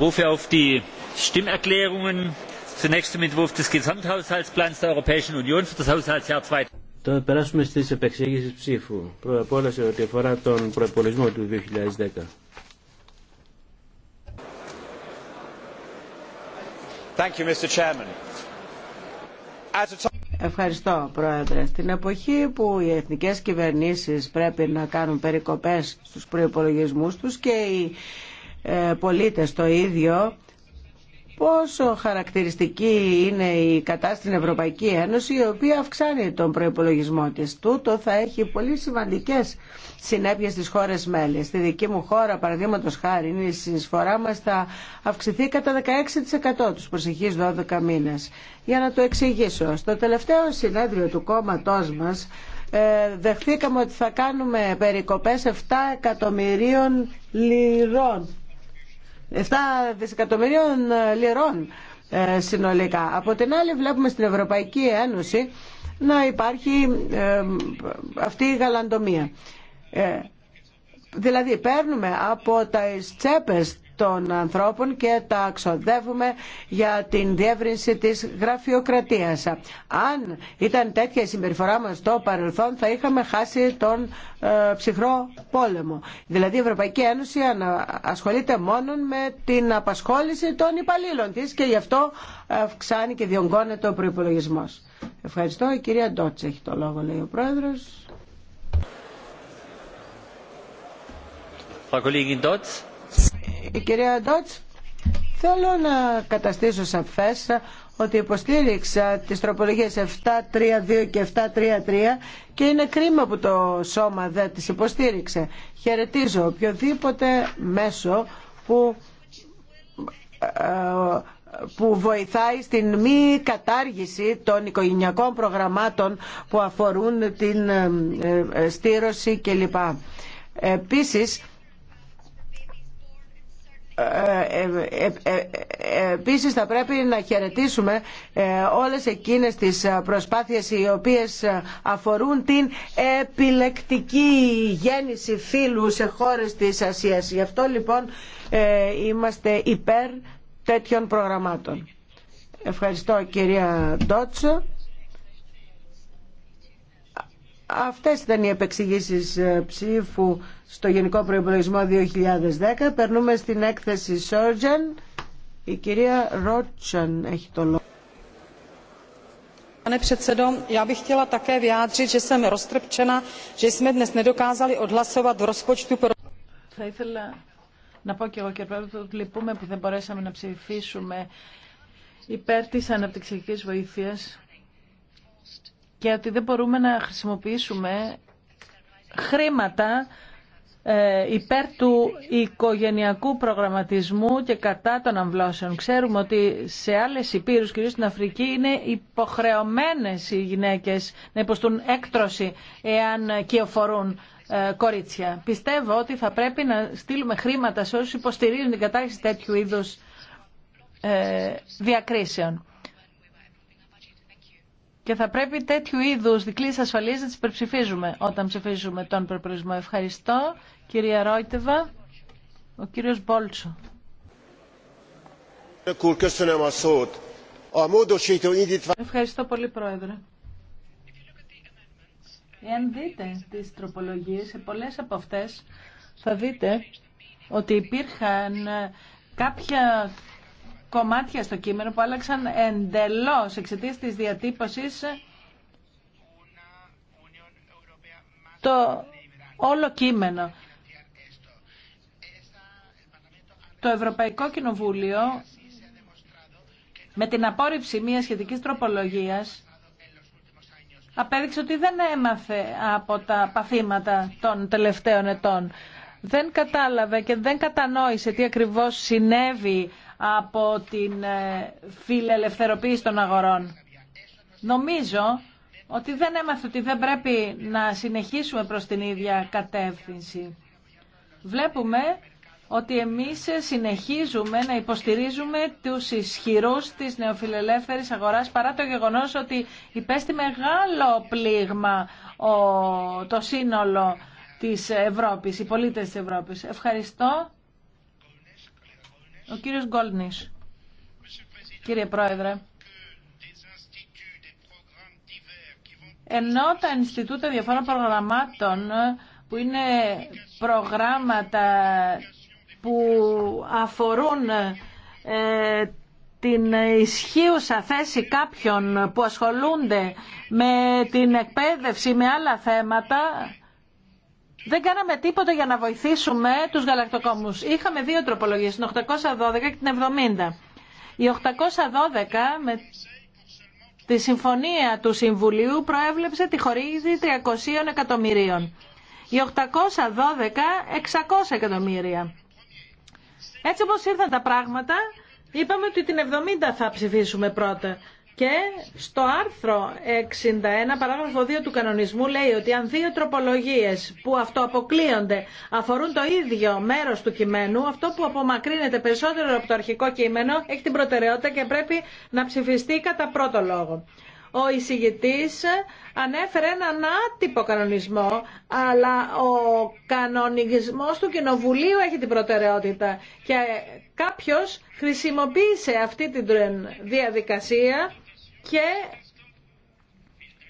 rufe auf die stimmerklärungen zunächst zum entwurf des gesamthaushaltsplans der europäischen union für das haushaltsjahr. Τώρα περάσουμε ψήφου. Πρώτα απ' όλα σε ό,τι αφορά τον του 2010. Thank you, Mr. Chairman. Ευχαριστώ, Πρόεδρε. Στην εποχή που οι εθνικές κυβερνήσεις πρέπει να κάνουν περικοπές στους προϋπολογισμούς τους και οι ε, πολίτες το ίδιο πόσο χαρακτηριστική είναι η κατάσταση στην Ευρωπαϊκή Ένωση η οποία αυξάνει τον προϋπολογισμό της. Τούτο θα έχει πολύ σημαντικές συνέπειες στις χώρες μέλη. Στη δική μου χώρα, παραδείγματο χάρη, η συνεισφορά μας θα αυξηθεί κατά 16% τους προσεχείς 12 μήνες. Για να το εξηγήσω, στο τελευταίο συνέδριο του κόμματό μας ε, δεχθήκαμε ότι θα κάνουμε περικοπές 7 εκατομμυρίων λιρών 7 δισεκατομμυρίων ε, λιρών ε, συνολικά. Από την άλλη βλέπουμε στην Ευρωπαϊκή Ένωση να υπάρχει ε, αυτή η γαλαντομία. Δηλαδή παίρνουμε από τα τσέπες των ανθρώπων και τα ξοδεύουμε για την διεύρυνση της γραφειοκρατίας. Αν ήταν τέτοια η συμπεριφορά μας στο παρελθόν θα είχαμε χάσει τον ε, ψυχρό πόλεμο. Δηλαδή η Ευρωπαϊκή Ένωση ασχολείται μόνο με την απασχόληση των υπαλλήλων της και γι' αυτό αυξάνει και διονγκώνεται ο προπολογισμό. Ευχαριστώ. Η κυρία Ντότς έχει το λόγο, λέει ο Πρόεδρος. Frau Kollegin Dotz. Η κυρία Ντότς, θέλω να καταστήσω σαφές ότι υποστήριξα τις τροπολογίες 732 και 733 και είναι κρίμα που το σώμα δεν τις υποστήριξε. Χαιρετίζω οποιοδήποτε μέσο που ε, που βοηθάει στην μη κατάργηση των οικογενειακών προγραμμάτων που αφορούν την ε, ε, στήρωση κλπ. Επίσης, ε, ε, ε, επίσης θα πρέπει να χαιρετήσουμε όλες εκείνες τις προσπάθειες οι οποίες αφορούν την επιλεκτική γέννηση φύλου σε χώρες της Ασίας. Γι' αυτό λοιπόν είμαστε υπέρ τέτοιων προγραμμάτων. Ευχαριστώ κυρία Ντότσο. Αυτέ ήταν οι επεξηγήσεις ε, ψήφου στο Γενικό Προπολογισμό 2010. Περνούμε στην έκθεση Surgeon. Η κυρία Ρότσαν έχει το λόγο. Θα ήθελα να πω και εγώ και πρέπει ότι λυπούμε που δεν μπορέσαμε να ψηφίσουμε υπέρ της αναπτυξιακής βοήθειας και ότι δεν μπορούμε να χρησιμοποιήσουμε χρήματα ε, υπέρ του οικογενειακού προγραμματισμού και κατά των αμβλώσεων. Ξέρουμε ότι σε άλλες υπήρους, κυρίως στην Αφρική, είναι υποχρεωμένες οι γυναίκες να υποστούν έκτρωση εάν κυοφορούν ε, κορίτσια. Πιστεύω ότι θα πρέπει να στείλουμε χρήματα σε όσους υποστηρίζουν την κατάρριξη τέτοιου είδους ε, διακρίσεων. Και θα πρέπει τέτοιου είδου δικλείς ασφαλή να τι υπερψηφίζουμε όταν ψηφίζουμε τον προπολογισμό. Ευχαριστώ, κυρία Ρόιτεβα. Ο κύριο Μπόλτσο. Ευχαριστώ πολύ, Πρόεδρε. Εάν δείτε τις τροπολογίες, σε πολλές από αυτές θα δείτε ότι υπήρχαν ε, κάποια κομμάτια στο κείμενο που άλλαξαν εντελώς εξαιτίας της διατύπωσης το όλο κείμενο. Το Ευρωπαϊκό Κοινοβούλιο με την απόρριψη μιας σχετικής τροπολογίας απέδειξε ότι δεν έμαθε από τα παθήματα των τελευταίων ετών δεν κατάλαβε και δεν κατανόησε τι ακριβώς συνέβη από την ε, φιλελευθεροποίηση των αγορών. Νομίζω ότι δεν έμαθε ότι δεν πρέπει να συνεχίσουμε προς την ίδια κατεύθυνση. Βλέπουμε ότι εμείς συνεχίζουμε να υποστηρίζουμε τους ισχυρούς της νεοφιλελεύθερης αγοράς παρά το γεγονός ότι υπέστη μεγάλο πλήγμα το σύνολο της Ευρώπης, οι πολίτες της Ευρώπης. Ευχαριστώ. Ο κύριος Γκόλνης. Κύριε Πρόεδρε. Ενώ τα Ινστιτούτα διαφόρων προγραμμάτων που είναι προγράμματα που αφορούν ε, την ισχύουσα θέση κάποιων που ασχολούνται με την εκπαίδευση, με άλλα θέματα, δεν κάναμε τίποτα για να βοηθήσουμε τους γαλακτοκόμους. Είχαμε δύο τροπολογίες, την 812 και την 70. Η 812 με τη συμφωνία του Συμβουλίου προέβλεψε τη χορήγηση 300 εκατομμυρίων. Η 812 600 εκατομμύρια. Έτσι όπως ήρθαν τα πράγματα, είπαμε ότι την 70 θα ψηφίσουμε πρώτα. Και στο άρθρο 61, παράγραφο 2 του κανονισμού, λέει ότι αν δύο τροπολογίες που αυτοαποκλείονται αφορούν το ίδιο μέρος του κειμένου, αυτό που απομακρύνεται περισσότερο από το αρχικό κείμενο έχει την προτεραιότητα και πρέπει να ψηφιστεί κατά πρώτο λόγο. Ο εισηγητή ανέφερε έναν άτυπο κανονισμό, αλλά ο κανονισμό του Κοινοβουλίου έχει την προτεραιότητα και κάποιο χρησιμοποίησε αυτή τη διαδικασία και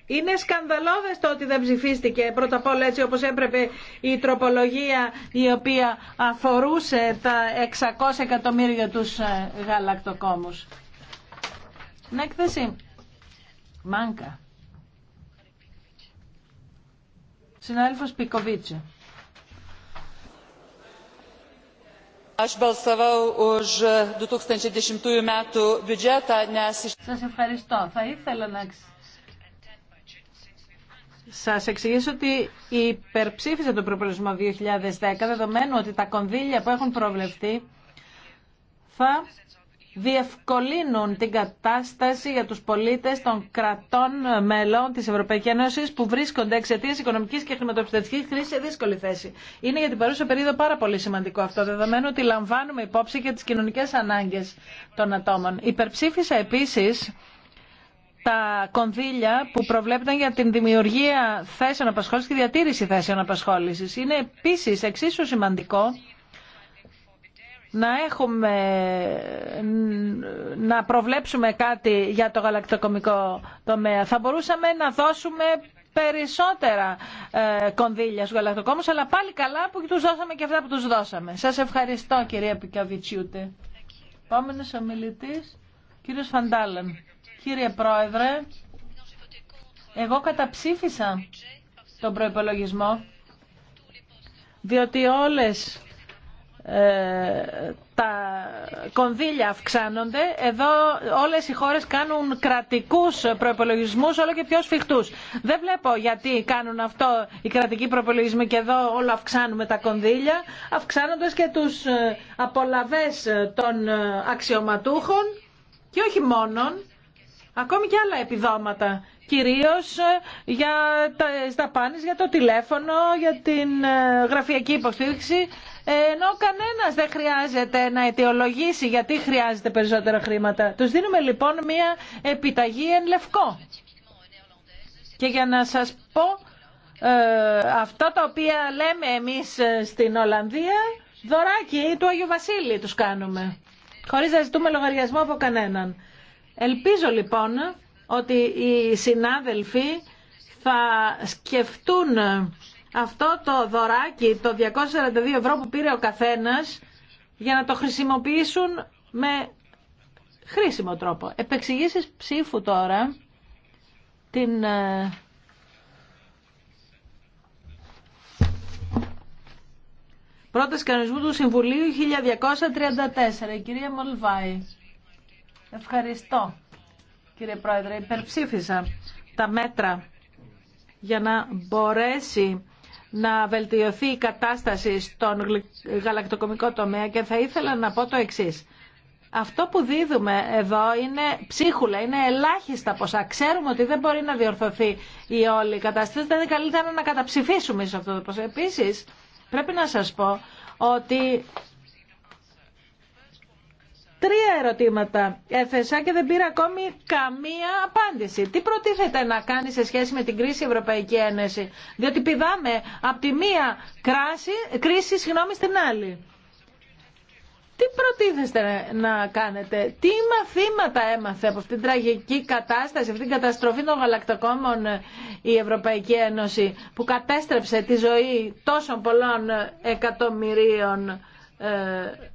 είναι σκανδαλώδες το ότι δεν ψηφίστηκε πρώτα απ' όλα έτσι όπως έπρεπε η τροπολογία η οποία αφορούσε τα 600 εκατομμύρια τους ε, γαλακτοκόμους. Ναι, έκθεση. Μάνκα. Συνάδελφος Πικοβίτσε. Aš balsavau už metų biudžetą, nes... Σας ευχαριστώ. Θα ήθελα να σας εξηγήσω ότι υπερψήφισα τον προπολογισμό 2010, δεδομένου ότι τα κονδύλια που έχουν προβλεφθεί θα διευκολύνουν την κατάσταση για τους πολίτες των κρατών μελών της Ευρωπαϊκής Ένωσης που βρίσκονται εξαιτίας οικονομικής και χρηματοπιστωτικής κρίσης σε δύσκολη θέση. Είναι για την παρούσα περίοδο πάρα πολύ σημαντικό αυτό, δεδομένου ότι λαμβάνουμε υπόψη και τις κοινωνικές ανάγκες των ατόμων. Υπερψήφισα επίσης τα κονδύλια που προβλέπταν για την δημιουργία θέσεων απασχόλησης και διατήρηση θέσεων απασχόλησης. Είναι επίσης εξίσου σημαντικό να έχουμε να προβλέψουμε κάτι για το γαλακτοκομικό τομέα. Θα μπορούσαμε να δώσουμε περισσότερα ε, κονδύλια στους γαλακτοκόμους, αλλά πάλι καλά που τους δώσαμε και αυτά που τους δώσαμε. Σας ευχαριστώ κυρία Πικαβιτσιούτε. Επόμενος ομιλητής, κύριος Φαντάλεν. Κύριε Πρόεδρε, εγώ καταψήφισα τον προϋπολογισμό, διότι όλες ε, τα κονδύλια αυξάνονται, εδώ όλες οι χώρες κάνουν κρατικούς προπολογισμούς όλο και πιο σφιχτούς. Δεν βλέπω γιατί κάνουν αυτό οι κρατικοί προπολογισμοί και εδώ όλο αυξάνουμε τα κονδύλια, αυξάνοντας και τους ε, απολαβές των ε, αξιωματούχων και όχι μόνον, ακόμη και άλλα επιδόματα κυρίως ε, για τα δαπάνε, για το τηλέφωνο, για την ε, γραφειακή υποστήριξη, ενώ κανένα δεν χρειάζεται να αιτιολογήσει γιατί χρειάζεται περισσότερα χρήματα. Τους δίνουμε λοιπόν μία επιταγή εν λευκό. Και για να σας πω, ε, αυτά τα οποία λέμε εμείς ε, στην Ολλανδία, δωράκι του Άγιου Βασίλη τους κάνουμε. Χωρί να ζητούμε λογαριασμό από κανέναν. Ελπίζω λοιπόν ότι οι συνάδελφοι θα σκεφτούν αυτό το δωράκι, το 242 ευρώ που πήρε ο καθένας, για να το χρησιμοποιήσουν με χρήσιμο τρόπο. Επεξηγήσεις ψήφου τώρα την... Ε, Πρώτα κανονισμού του Συμβουλίου 1234. Η κυρία Μολβάη. Ευχαριστώ κύριε Πρόεδρε, υπερψήφισα τα μέτρα για να μπορέσει να βελτιωθεί η κατάσταση στον γαλακτοκομικό τομέα και θα ήθελα να πω το εξής. Αυτό που δίδουμε εδώ είναι ψίχουλα, είναι ελάχιστα ποσά. Ξέρουμε ότι δεν μπορεί να διορθωθεί η όλη κατάσταση. Δεν είναι καλύτερα να καταψηφίσουμε σε αυτό το ποσό. Επίσης, πρέπει να σας πω ότι Τρία ερωτήματα έθεσα και δεν πήρα ακόμη καμία απάντηση. Τι προτίθεται να κάνει σε σχέση με την κρίση Ευρωπαϊκή Ένωση, διότι πηδάμε από τη μία κράση, κρίση συγγνώμη, στην άλλη. Τι προτίθεστε να κάνετε, τι μαθήματα έμαθε από αυτήν την τραγική κατάσταση, αυτήν την καταστροφή των γαλακτοκόμων η Ευρωπαϊκή Ένωση που κατέστρεψε τη ζωή τόσων πολλών εκατομμυρίων ε,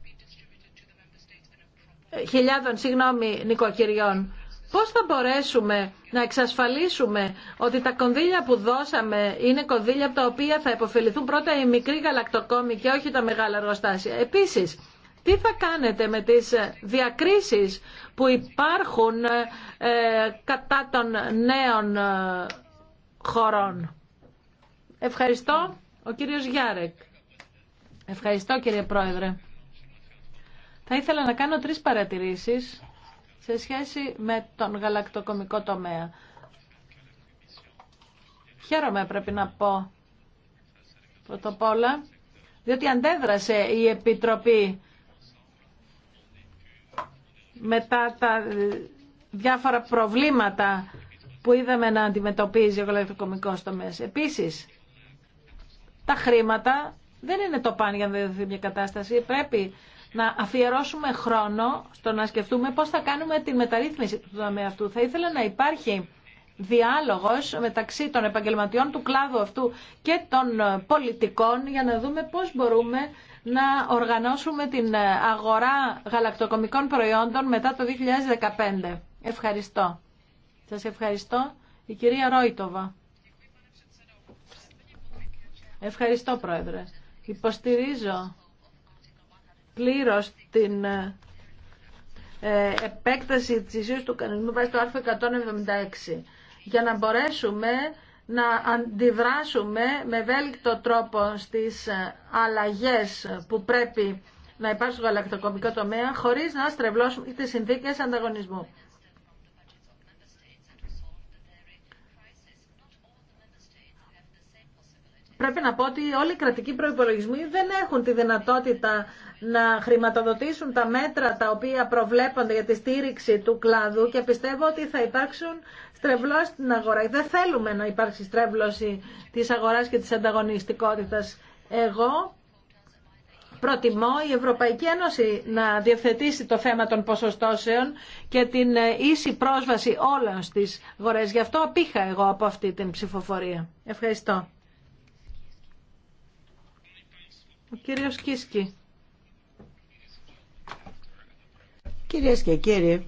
χιλιάδων συγγνώμη, νοικοκυριών. Πώς θα μπορέσουμε να εξασφαλίσουμε ότι τα κονδύλια που δώσαμε είναι κονδύλια από τα οποία θα υποφεληθούν πρώτα οι μικροί γαλακτοκόμοι και όχι τα μεγάλα εργοστάσια. Επίσης, τι θα κάνετε με τις ε, διακρίσεις που υπάρχουν ε, ε, κατά των νέων χωρών. Ευχαριστώ, ο κύριος Γιάρεκ. Ευχαριστώ κύριε Πρόεδρε. Θα ήθελα να κάνω τρεις παρατηρήσεις σε σχέση με τον γαλακτοκομικό τομέα. Χαίρομαι πρέπει να πω πρώτα απ' διότι αντέδρασε η Επιτροπή μετά τα διάφορα προβλήματα που είδαμε να αντιμετωπίζει ο γαλακτοκομικός τομέας. Επίσης, τα χρήματα δεν είναι το πάνι για να δοθεί μια κατάσταση. Πρέπει να αφιερώσουμε χρόνο στο να σκεφτούμε πώς θα κάνουμε τη μεταρρύθμιση του τομέα αυτού. Θα ήθελα να υπάρχει διάλογος μεταξύ των επαγγελματιών του κλάδου αυτού και των ε, πολιτικών για να δούμε πώς μπορούμε να οργανώσουμε την ε, αγορά γαλακτοκομικών προϊόντων μετά το 2015. Ευχαριστώ. Σας ευχαριστώ. Η κυρία Ρόιτοβα. Ευχαριστώ, Πρόεδρε. Υποστηρίζω πλήρως την ε, ε, επέκταση της ισχύω του κανονισμού βάσει το άρθρο 176 για να μπορέσουμε να αντιδράσουμε με ευέλικτο τρόπο στις ε, αλλαγές που πρέπει να υπάρξουν στο γαλακτοκομικό τομέα χωρίς να στρεβλώσουμε τις συνθήκες ανταγωνισμού. πρέπει να πω ότι όλοι οι κρατικοί προϋπολογισμοί δεν έχουν τη δυνατότητα να χρηματοδοτήσουν τα μέτρα τα οποία προβλέπονται για τη στήριξη του κλάδου και πιστεύω ότι θα υπάρξουν στρεβλώσεις στην αγορά. Δεν θέλουμε να υπάρξει στρέβλωση της αγοράς και της ανταγωνιστικότητας. Εγώ προτιμώ η Ευρωπαϊκή Ένωση να διευθετήσει το θέμα των ποσοστώσεων και την ε, ίση πρόσβαση όλων στις αγορές. Γι' αυτό απήχα εγώ από αυτή την ψηφοφορία. Ευχαριστώ. Ο κύριος Κίσκι. Κυρίες και κύριοι,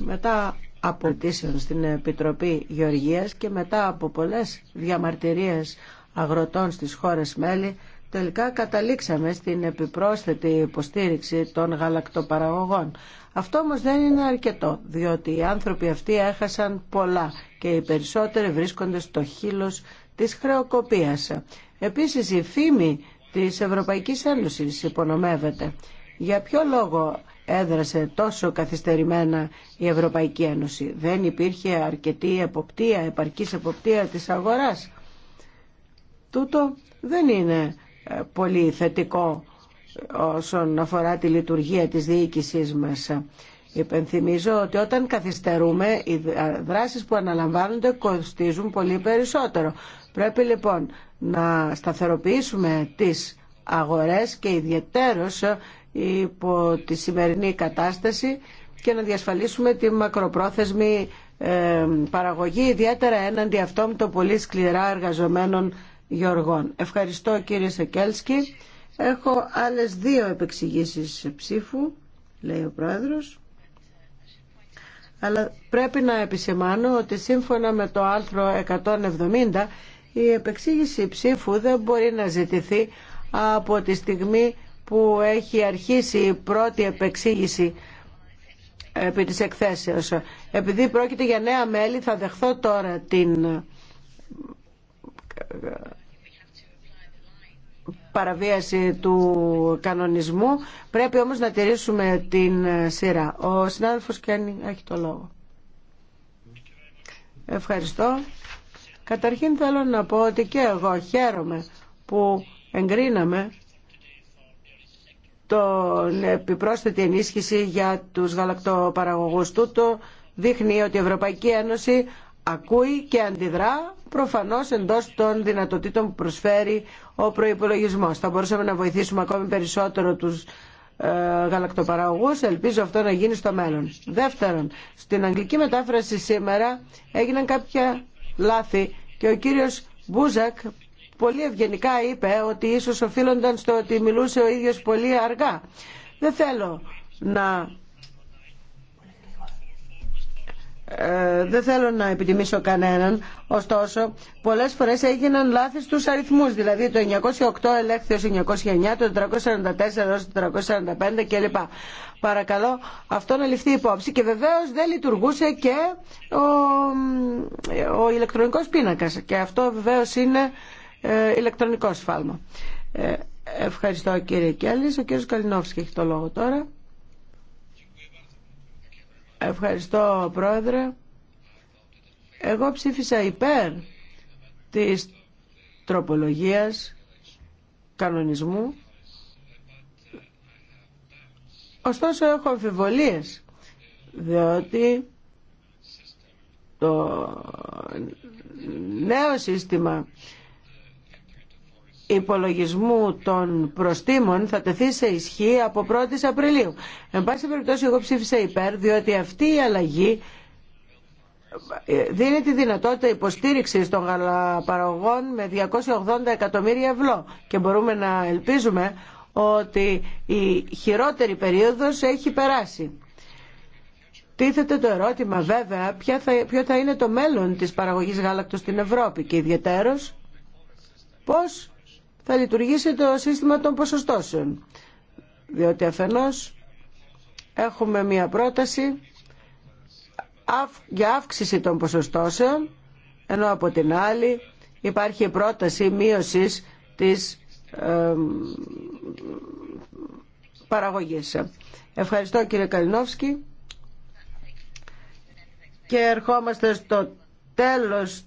μετά από στην Επιτροπή Γεωργίας και μετά από πολλές διαμαρτυρίες αγροτών στις χώρες μέλη, τελικά καταλήξαμε στην επιπρόσθετη υποστήριξη των γαλακτοπαραγωγών. Αυτό όμως δεν είναι αρκετό, διότι οι άνθρωποι αυτοί έχασαν πολλά και οι περισσότεροι βρίσκονται στο χείλος της χρεοκοπίας. Επίσης η φήμη της Ευρωπαϊκής Ένωσης υπονομεύεται. Για ποιο λόγο έδρασε τόσο καθυστερημένα η Ευρωπαϊκή Ένωση. Δεν υπήρχε αρκετή εποπτεία, επαρκής εποπτεία της αγοράς. Τούτο δεν είναι ε, πολύ θετικό ε, όσον αφορά τη λειτουργία της διοίκησής μας. Υπενθυμίζω ότι όταν καθυστερούμε οι ε, δράσεις που αναλαμβάνονται κοστίζουν πολύ περισσότερο. Πρέπει λοιπόν να σταθεροποιήσουμε τις αγορές και ιδιαιτέρως υπό τη σημερινή κατάσταση και να διασφαλίσουμε τη μακροπρόθεσμη ε, παραγωγή ιδιαίτερα έναντι αυτών των πολύ σκληρά εργαζομένων γεωργών. Ευχαριστώ κύριε Σεκέλσκι. Έχω άλλες δύο επεξηγήσεις ψήφου, λέει ο Πρόεδρος. Αλλά πρέπει να επισημάνω ότι σύμφωνα με το άρθρο 170 η επεξήγηση ψήφου δεν μπορεί να ζητηθεί από τη στιγμή που έχει αρχίσει η πρώτη επεξήγηση επί της εκθέσεως. Επειδή πρόκειται για νέα μέλη θα δεχθώ τώρα την παραβίαση του κανονισμού. Πρέπει όμως να τηρήσουμε την σειρά. Ο συνάδελφος Κένι έχει το λόγο. Ευχαριστώ. Καταρχήν θέλω να πω ότι και εγώ χαίρομαι που εγκρίναμε τον επιπρόσθετη ενίσχυση για τους γαλακτοπαραγωγούς. Τούτο δείχνει ότι η Ευρωπαϊκή Ένωση ακούει και αντιδρά προφανώς εντός των δυνατοτήτων που προσφέρει ο προϋπολογισμός. Θα μπορούσαμε να βοηθήσουμε ακόμη περισσότερο τους ε, γαλακτοπαραγωγούς. Ελπίζω αυτό να γίνει στο μέλλον. Δεύτερον, στην αγγλική μετάφραση σήμερα έγιναν κάποια λάθη και ο κύριος Μπούζακ πολύ ευγενικά είπε ότι ίσως οφείλονταν στο ότι μιλούσε ο ίδιος πολύ αργά. Δεν θέλω να... Ε, δεν θέλω να επιτιμήσω κανέναν, ωστόσο πολλές φορές έγιναν λάθη στους αριθμούς, δηλαδή το 908 ελέγχθη ως 909, το 444 ως 445 κλπ. Παρακαλώ αυτό να ληφθεί υπόψη. Και βεβαίως δεν λειτουργούσε και ο, ο ηλεκτρονικός πίνακας. Και αυτό βεβαίως είναι ε, ηλεκτρονικό σφάλμα. Ε, ευχαριστώ κύριε Κέλλης. Ο κύριος Καλινόφσκι έχει το λόγο τώρα. Ευχαριστώ πρόεδρε. Εγώ ψήφισα υπέρ της τροπολογίας κανονισμού Ωστόσο έχω αμφιβολίες, διότι το νέο σύστημα υπολογισμού των προστήμων θα τεθεί σε ισχύ από 1η Απριλίου. Εν πάση περιπτώσει εγώ ψήφισα υπέρ διότι αυτή η αλλαγή δίνει τη δυνατότητα υποστήριξης των γαλαπαραγωγών με 280 εκατομμύρια ευρώ και μπορούμε να ελπίζουμε ότι η χειρότερη περίοδος έχει περάσει. Τίθεται το ερώτημα βέβαια θα, ποιο θα είναι το μέλλον της παραγωγής γάλακτος στην Ευρώπη και ιδιαίτερος πώς θα λειτουργήσει το σύστημα των ποσοστώσεων. Διότι αφενός έχουμε μια πρόταση για αύξηση των ποσοστώσεων ενώ από την άλλη υπάρχει πρόταση μείωσης της παραγωγής. Ευχαριστώ κύριε Καλινόφσκι και ερχόμαστε στο τέλος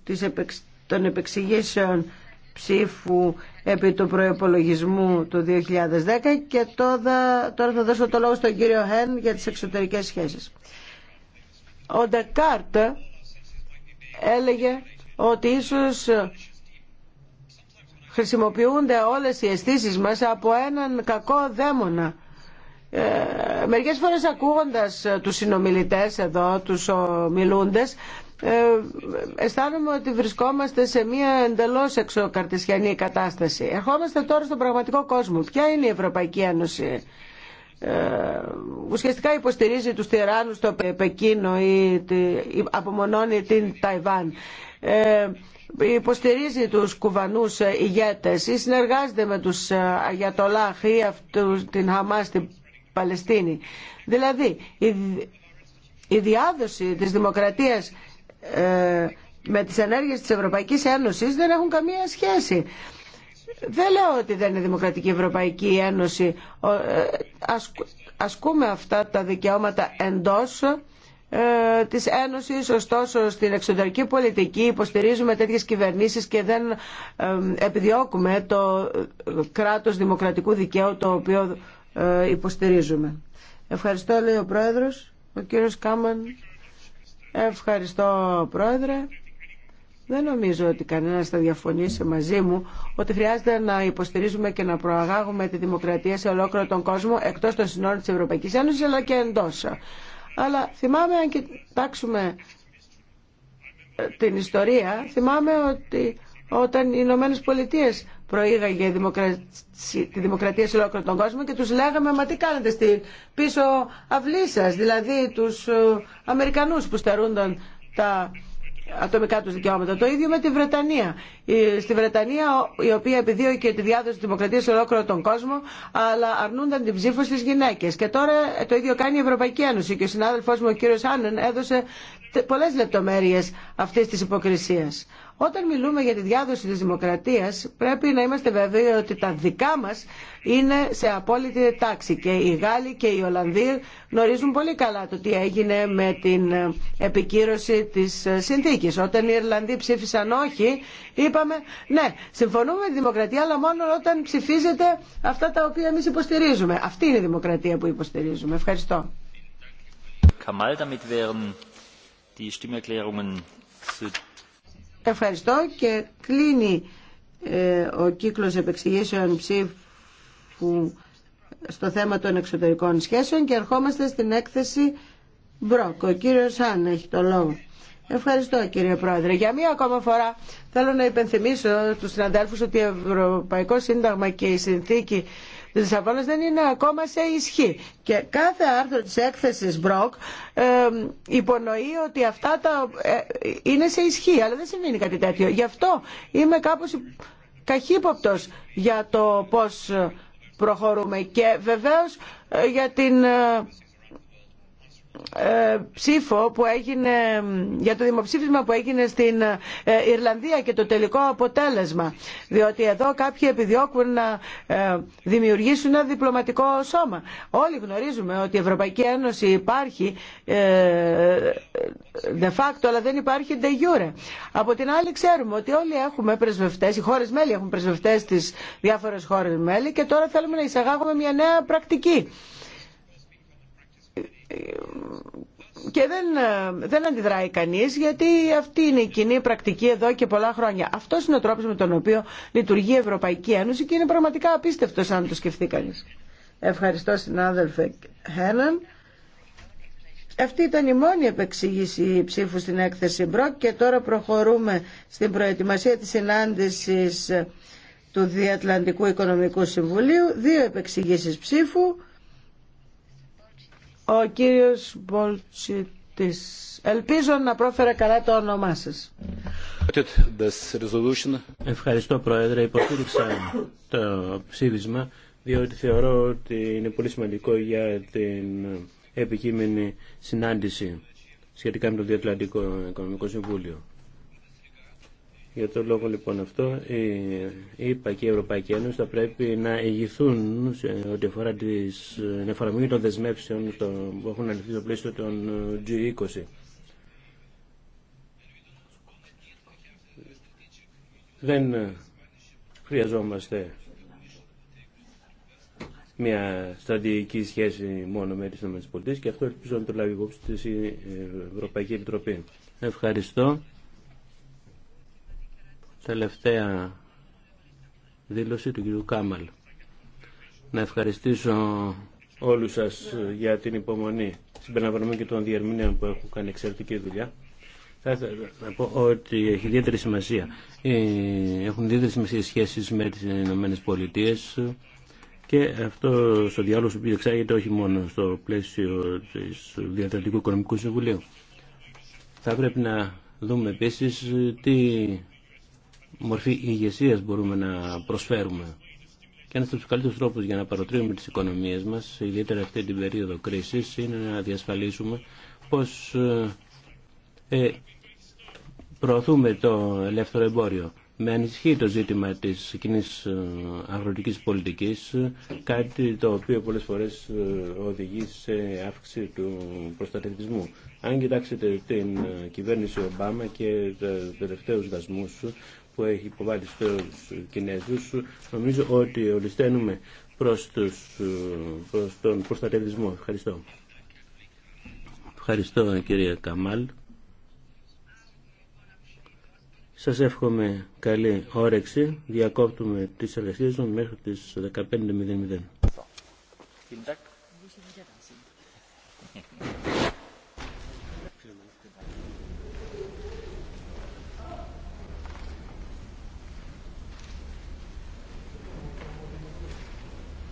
των επεξηγήσεων ψήφου επί του προϋπολογισμού του 2010 και τώρα, τώρα θα δώσω το λόγο στον κύριο Χέν για τις εξωτερικές σχέσεις. Ο Ντεκάρτ έλεγε ότι ίσως χρησιμοποιούνται όλες οι αισθήσει μας από έναν κακό δαίμονα. Ε, μερικές φορές ακούγοντας ε, τους συνομιλητές εδώ, τους ομιλούντες, ε, αισθάνομαι ότι βρισκόμαστε σε μια εντελώς εξωκαρτισιανή κατάσταση. Ερχόμαστε τώρα στον πραγματικό κόσμο. Ποια είναι η Ευρωπαϊκή Ένωση. Ε, ουσιαστικά υποστηρίζει τους τυράννους στο Πεκίνο ή απομονώνει την Ταϊβάν. Ε, υποστηρίζει τους κουβανούς ε, ηγέτες ή συνεργάζεται με τους ε, Αγιατολάχ ή αυτούς, την Χαμά στην Παλαιστίνη. Δηλαδή η, διάδοση της δημοκρατίας ε, με τις ενέργειες της Ευρωπαϊκής Ένωσης δεν έχουν καμία σχέση. Δεν λέω ότι δεν είναι δημοκρατική η Ευρωπαϊκή Ένωση. Ασκούμε αυτά τα δικαιώματα εντός ε, της Ένωσης, ωστόσο στην εξωτερική πολιτική υποστηρίζουμε τέτοιες κυβερνήσεις και δεν επιδιώκουμε το ε, κράτος δημοκρατικού δικαίου το οποίο ε, υποστηρίζουμε. Ευχαριστώ λέει ο Πρόεδρος, ο κύριος Κάμαν. Ευχαριστώ Πρόεδρε. Δεν νομίζω ότι κανένας θα διαφωνήσει μαζί μου ότι χρειάζεται να υποστηρίζουμε και να προαγάγουμε τη δημοκρατία σε ολόκληρο τον κόσμο εκτός των συνόρων της Ευρωπαϊκής Ένωσης αλλά και εντός αλλά θυμάμαι αν κοιτάξουμε ε, την ιστορία, θυμάμαι ότι όταν οι Ηνωμένε Πολιτείε προήγαγε τη δημοκρατία σε ολόκληρο τον κόσμο και τους λέγαμε «Μα τι κάνετε πίσω αυλή σας», δηλαδή τους ε, Αμερικανούς που στερούνταν τα ατομικά του δικαιώματα. Το ίδιο με τη Βρετανία. Στη Βρετανία η οποία επιδίωκε τη διάδοση της δημοκρατίας σε ολόκληρο τον κόσμο αλλά αρνούνταν την ψήφο στι γυναίκες. Και τώρα ε, το ίδιο κάνει η Ευρωπαϊκή Ένωση και ο συνάδελφός μου ο κύριο Άννεν έδωσε πολλές λεπτομέρειες αυτή τη υποκρισία. Όταν μιλούμε για τη διάδοση της δημοκρατίας πρέπει να είμαστε βέβαιοι ότι τα δικά μας είναι σε απόλυτη τάξη και οι Γάλλοι και οι Ολλανδοί γνωρίζουν πολύ καλά το τι έγινε με την επικύρωση της συνθήκης. Όταν οι Ιρλανδοί ψήφισαν όχι είπαμε ναι συμφωνούμε με τη δημοκρατία αλλά μόνο όταν ψηφίζεται αυτά τα οποία εμείς υποστηρίζουμε. Αυτή είναι η δημοκρατία που υποστηρίζουμε. Ευχαριστώ. Καμάλ, damit wären die Stimmerklärungen zu Ευχαριστώ και κλείνει ε, ο κύκλος επεξηγήσεων ψήφου στο θέμα των εξωτερικών σχέσεων και ερχόμαστε στην έκθεση Μπροκ. Ο κύριος Άν έχει το λόγο. Ευχαριστώ κύριε Πρόεδρε. Για μία ακόμα φορά θέλω να υπενθυμίσω τους συναντέλφους ότι το Ευρωπαϊκό Σύνταγμα και η Συνθήκη ο δεν είναι ακόμα σε ισχύ. Και κάθε άρθρο της έκθεσης Μπροκ ε, υπονοεί ότι αυτά τα, ε, είναι σε ισχύ, αλλά δεν συμβαίνει κάτι τέτοιο. Γι' αυτό είμαι κάπως καχύποπτο για το πώς προχωρούμε. Και βεβαίως ε, για την ε, ε, ψήφο που έγινε, για το δημοψήφισμα που έγινε στην ε, Ιρλανδία και το τελικό αποτέλεσμα. Διότι εδώ κάποιοι επιδιώκουν να ε, δημιουργήσουν ένα διπλωματικό σώμα. Όλοι γνωρίζουμε ότι η Ευρωπαϊκή Ένωση υπάρχει de facto αλλά δεν υπάρχει de jure. Από την άλλη ξέρουμε ότι όλοι έχουμε πρεσβευτές, οι χώρες μέλη έχουν πρεσβευτές στις διάφορες χώρες μέλη και τώρα θέλουμε να εισαγάγουμε μια νέα πρακτική και δεν, ε, δεν αντιδράει κανείς γιατί αυτή είναι η κοινή πρακτική εδώ και πολλά χρόνια. Αυτό είναι ο τρόπος με τον οποίο λειτουργεί η Ευρωπαϊκή Ένωση και είναι πραγματικά απίστευτος αν το σκεφτεί κανείς. Ευχαριστώ συνάδελφε Χέναν. Αυτή ήταν η μόνη επεξήγηση ψήφου στην έκθεση Μπροκ και τώρα προχωρούμε στην προετοιμασία της συνάντησης του Διατλαντικού Οικονομικού Συμβουλίου. Δύο επεξηγήσεις ψήφου. Ο κύριος Μπολτσιτής. Ελπίζω να πρόφερα καλά το όνομά σας. Ευχαριστώ Πρόεδρε. Υποστήριξα το ψήφισμα διότι θεωρώ ότι είναι πολύ σημαντικό για την επικείμενη συνάντηση σχετικά με το Διατλαντικό Οικονομικό Συμβούλιο. Για τον λόγο λοιπόν αυτό, η ΕΠΑ και η Ευρωπαϊκή Ένωση θα πρέπει να ηγηθούν ό,τι αφορά την εφαρμογή των δεσμεύσεων που έχουν ανοιχθεί στο πλαίσιο των ε, G20. Δεν ε, χρειαζόμαστε μια στρατηγική σχέση μόνο με τις ΗΠΑ και αυτό ελπίζω να το λάβει υπόψη της Ευρωπαϊκή Επιτροπή. Ευχαριστώ τελευταία δήλωση του κ. Κάμαλ. Να ευχαριστήσω όλους σας για την υπομονή συμπεριλαμβανομένων και των διερμηνέων που έχουν κάνει εξαιρετική δουλειά. Θα ήθελα να πω ότι έχει ιδιαίτερη σημασία. Ε, έχουν ιδιαίτερη σημασία σχέσεις με τις Ηνωμένες Πολιτείες και αυτό στο διάλογο που εξάγεται όχι μόνο στο πλαίσιο της Διατρατικού Οικονομικού Συμβουλίου. Θα πρέπει να δούμε επίσης τι μορφή ηγεσία μπορούμε να προσφέρουμε. Και ένα από του καλύτερου τρόπου για να παροτρύνουμε τι οικονομίε μα, ιδιαίτερα αυτή την περίοδο κρίση, είναι να διασφαλίσουμε πω ε, ε, προωθούμε το ελεύθερο εμπόριο. Με ανησυχεί το ζήτημα της κοινή ε, αγροτική πολιτική κάτι το οποίο πολλέ φορές ε, οδηγεί σε αύξηση του προστατευτισμού. Αν κοιτάξετε την κυβέρνηση Ομπάμα και του τελευταίου δασμού, που έχει υποβάλει στους Κινέζους νομίζω ότι οριστένουμε προς, τον προστατευτισμό. Ευχαριστώ. Ευχαριστώ κυρία Καμάλ. Σας εύχομαι καλή όρεξη. Διακόπτουμε τις εργασίες μέχρι τις 15.00.